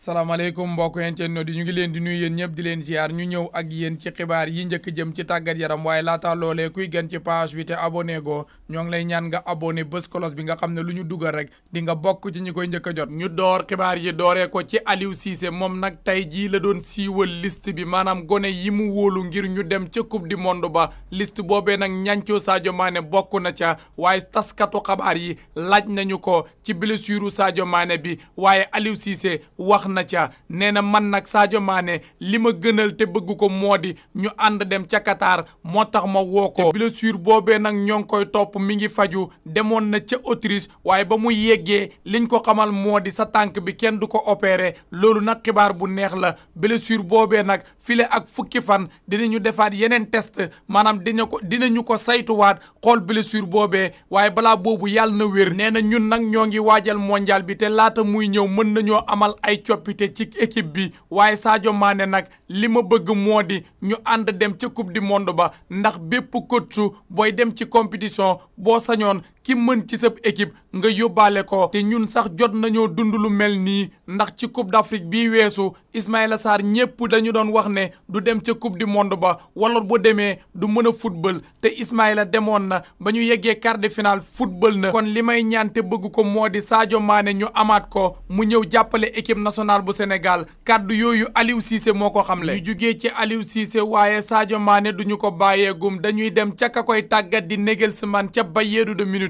salaamaaleykum mbokk internet di ñu ngi leen di nuyu yéen ñëpp di leen ziar ñu ñëw ak yéen ci xibaar yi njëkk jëm ci tàggat yaram waaye laata loolee kuy gën ci page bi te abone go ñoo ngi lay ñaan nga abone bés kolos bi nga xam ne lu ñu dugal rek di nga bokk ci ñi koy njëkk a jot ñu door xibaar yi dooree ko ci Aliou moom nag tey jii la doon siiwal list bi maanaam gone yi mu wóolu ngir ñu dem ca coupe du monde ba list boobee nag ñancoo Sadio maane bokk na ca waaye taskatu xabaar yi laaj nañu ko ci blessure Sadio Mané bi waaye Aliou Cissé wax na ca nee na man nag Sadio Mané li ma gënal te bëgg ko moo di ñu ànd dem ca Qatar moo tax ma woo ko blessure boobee nag ñoo ngi koy topp mu ngi faju demoon na ca Autriche waaye ba mu yeggee liñ ko xamal moo di sa tànk bi kenn du ko opéré loolu nag xibaar bu neex la blessure boobee nag file ak fukki fan dina ñu defaat yeneen test maanaam dina ko dinañu ko saytuwaat xool blessure boobee waaye balaa boobu yàlla na wér nee ñun nag ñoo ngi waajal bi te laata muy coppite ci équipe bi waaye Sadio Mané nag li ma bëgg moo di ñu ànd dem ca coupe du monde ba ndax bépp coach booy dem ci compétition boo sañoon ki mën ci sab équipe nga yóbbaale ko te ñun sax jot nañoo dund lu mel nii ndax ci coupe d'Afrique bii weesu Ismaïla Sarr ñépp dañu doon wax ne du dem ca coupe du monde ba wala bu demee du mën a football te Ismaïla demoon na ba ñu yeggee quart de finale football na kon li may ñaan bëgg ko moo di Sadio maane ñu amaat ko mu ñëw jàppale équipe nationale bu Sénégal kàddu yooyu Aliou Cissé moo ko xamle ñu jógee ci Aliou Cissé waaye Sadio maane duñu ko bàyyeegum dañuy dem ca ka koy tàggat di Nagelsmann ca Bayern de Munich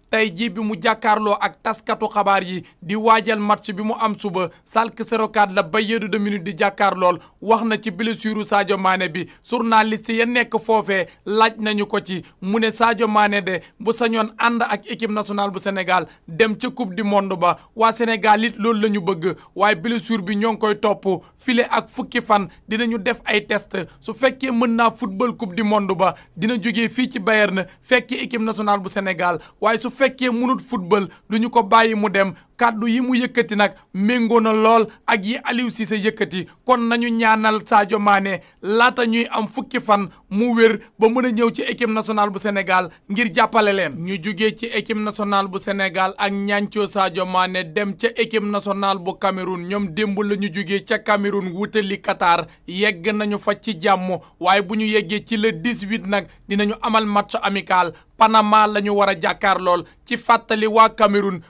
tey jii bi mu jàkkaarloo ak taskatu xabaar yi di waajal match bi mu am suba Schalke 04 la ba Bayern de Munich di jàkkaarlool wax na ci blessure Sadio Mané bi journaliste ya nekk foofee laaj nañu ko ci mu ne Sadio maane de bu sañoon ànd ak équipe national bu Sénégal dem ca coupe di monde ba waa Sénégal it loolu la ñu bëgg waaye blessure bi ñoo ngi koy topp file ak fukki fan dina ñu def ay test su fekkee mën naa football coupe du monde ba dina jógee fii ci Bayern fekk équipe nationale bu Sénégal fekkee munut football du ñu ko bàyyi mu dem kàddu yi mu yëkkati nag méngoo na lool ak yi Aliou Cissé yëkkati kon nañu ñaanal Sadio Mané laata ñuy am fukki fan mu wér ba mën a ñëw ci équipe nationale bu Sénégal ngir jàppale leen ñu jugee ci équipe nationale bu Sénégal ak ñaancoo Sadio Mané dem ca équipe nationale bu Cameroun ñoom démb la ñu jugee ca Cameroun wutali Qatar yegg nañu fa ci jàmm waaye bu ñu yeggee ci le 18 nag dinañu amal match amical Panama la ñu war a jàkkaar lool ci fàttali waa Cameroun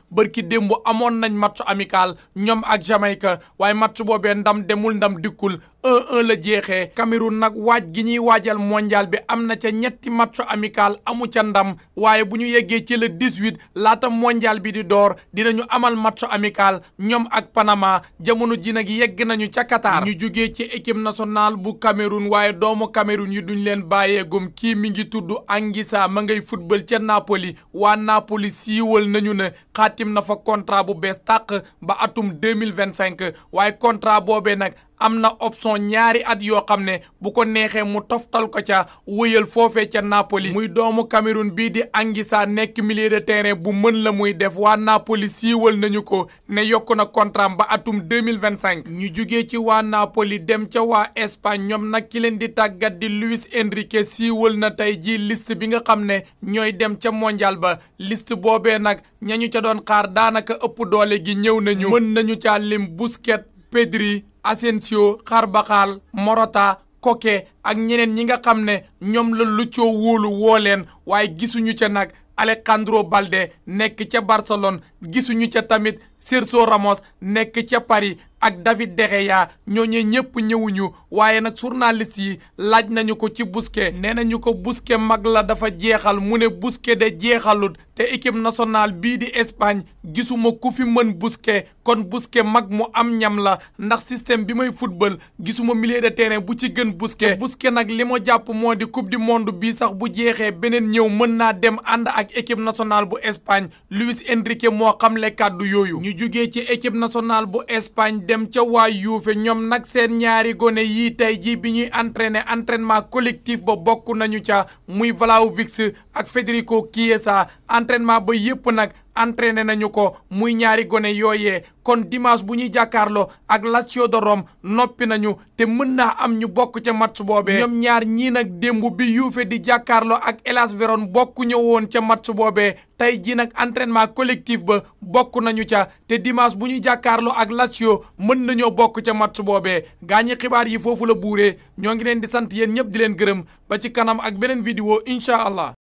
amoon nañ match amical ñoom ak Jamaïque waaye match boobee ndam demul ndam dikkul un la jeexee Cameroun nag waaj gi ñuy waajal mondial bi am na ca ñetti match amical amu ca ndam waaye bu ñu yeggee ci le 18 laata mondial bi di door dinañu amal match amical ñoom ak Panama jamono ji nag yegg nañu ca Qatar. ñu jugee ci équipe nationale bu Cameroun waaye doomu Cameroun yi duñ leen bàyyee gum kii mi ngi tudd Anguissa ma ngay football ca Napoli waa Napoli siiwal nañu ne xaatim na fa contrat bu bees tàq ba atum 2025 waaye contrat boobee nag. am na option ñaari at yoo xam ne bu ko neexee mu toftal ko ca wëyal foofee ca Napoli muy doomu Cameroun bii di Anguissa nekk milieu de terrain bu mën la muy def waa Napoli siiwal nañu ko ne yokk na contrat ba atum 2025 ñu jógee ci waa Napoli dem ca waa Espagne ñoom nag ki leen di tàggat di Luis Enrique siiwal na tey jii liste bi nga xam ne ñooy dem ca mondial ba liste boobee nag ñañu ca doon xaar daanaka ëpp doole gi ñëw nañu mën nañu ca lim Busquets Pedri Asensio Carvajal morota Koke ak ñeneen ñi nga xam ne ñoom la lu coo wóolu woo leen waaye gisuñu ca nag Alejandro Balde nekk ca Barcelone gisuñu ca tamit Sergio Ramos nekk ca Paris ak David De Gea ñooñu ñëpp ñëwuñu waaye nag journaliste yi laaj nañu ko ci Busquets nee nañu ko Busquets mag la dafa jeexal mu ne Busquets de jeexalut te équipe national bii di Espagne gisuma ku fi mën Busquets kon Busquets mag mu am ñam la ndax système bi may football gisuma milieu de terrain bu ci gën Busquets Busquets nag li ma jàpp moo di coupe du monde bii sax bu jeexee beneen ñëw mën naa dem ànd ak équipe national bu Espagne Luis Enrique moo xamle kàddu yooyu. ñu ci équipe national bu Espagne dem ca waa yuufe ñoom nag seen ñaari gone yii tey ji bi ñuy entraîné entraînement collectif ba bokk nañu ca muy Vlahovic ak Federico Chiesa entraînement ba yépp nag entraîné nañu ko muy ñaari gone yooyee kon dimanche bu ñuy jàkkaarloo ak Lazio de Rome noppi nañu te mën naa am ñu bokk ca match boobee. ñoom ñaar ñii nag démb bi Juve di jàkkaarloo ak Hellas Verona bokk ñu woon ca match boobee tey jii nag entraînement collectif ba bokk nañu ca te dimanche bu ñuy jàkkaarloo ak Lazio mën nañoo bokk ca match boobee. gaañi xibaar yi foofu la buuree ñoo ngi leen di sant yéen ñëpp di leen gërëm ba ci kanam ak beneen vidéo incha allah.